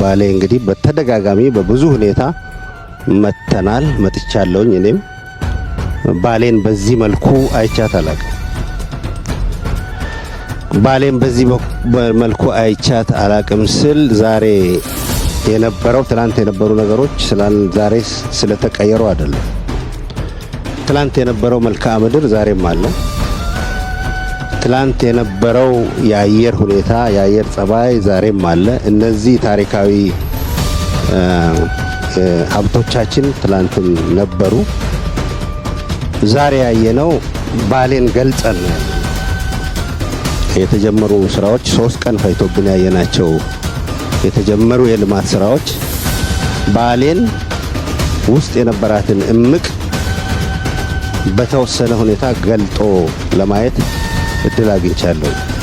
ባሌ እንግዲህ በተደጋጋሚ በብዙ ሁኔታ መተናል መጥቻለሁኝ። እኔም ባሌን በዚህ መልኩ አይቻት አላቅም። ባሌን በዚህ መልኩ አይቻት አላቅም ስል ዛሬ የነበረው ትላንት የነበሩ ነገሮች ዛሬ ስለተቀየሩ አይደለም። ትናንት የነበረው መልክዓ ምድር ዛሬም አለ። ትላንት የነበረው የአየር ሁኔታ የአየር ጸባይ ዛሬም አለ። እነዚህ ታሪካዊ ሀብቶቻችን ትላንትም ነበሩ። ዛሬ ያየነው ባሌን ገልጸን የተጀመሩ ስራዎች ሶስት ቀን ፈጅቶብን ያየናቸው የተጀመሩ የልማት ስራዎች ባሌን ውስጥ የነበራትን እምቅ በተወሰነ ሁኔታ ገልጦ ለማየት እድል አግኝቻለሁ።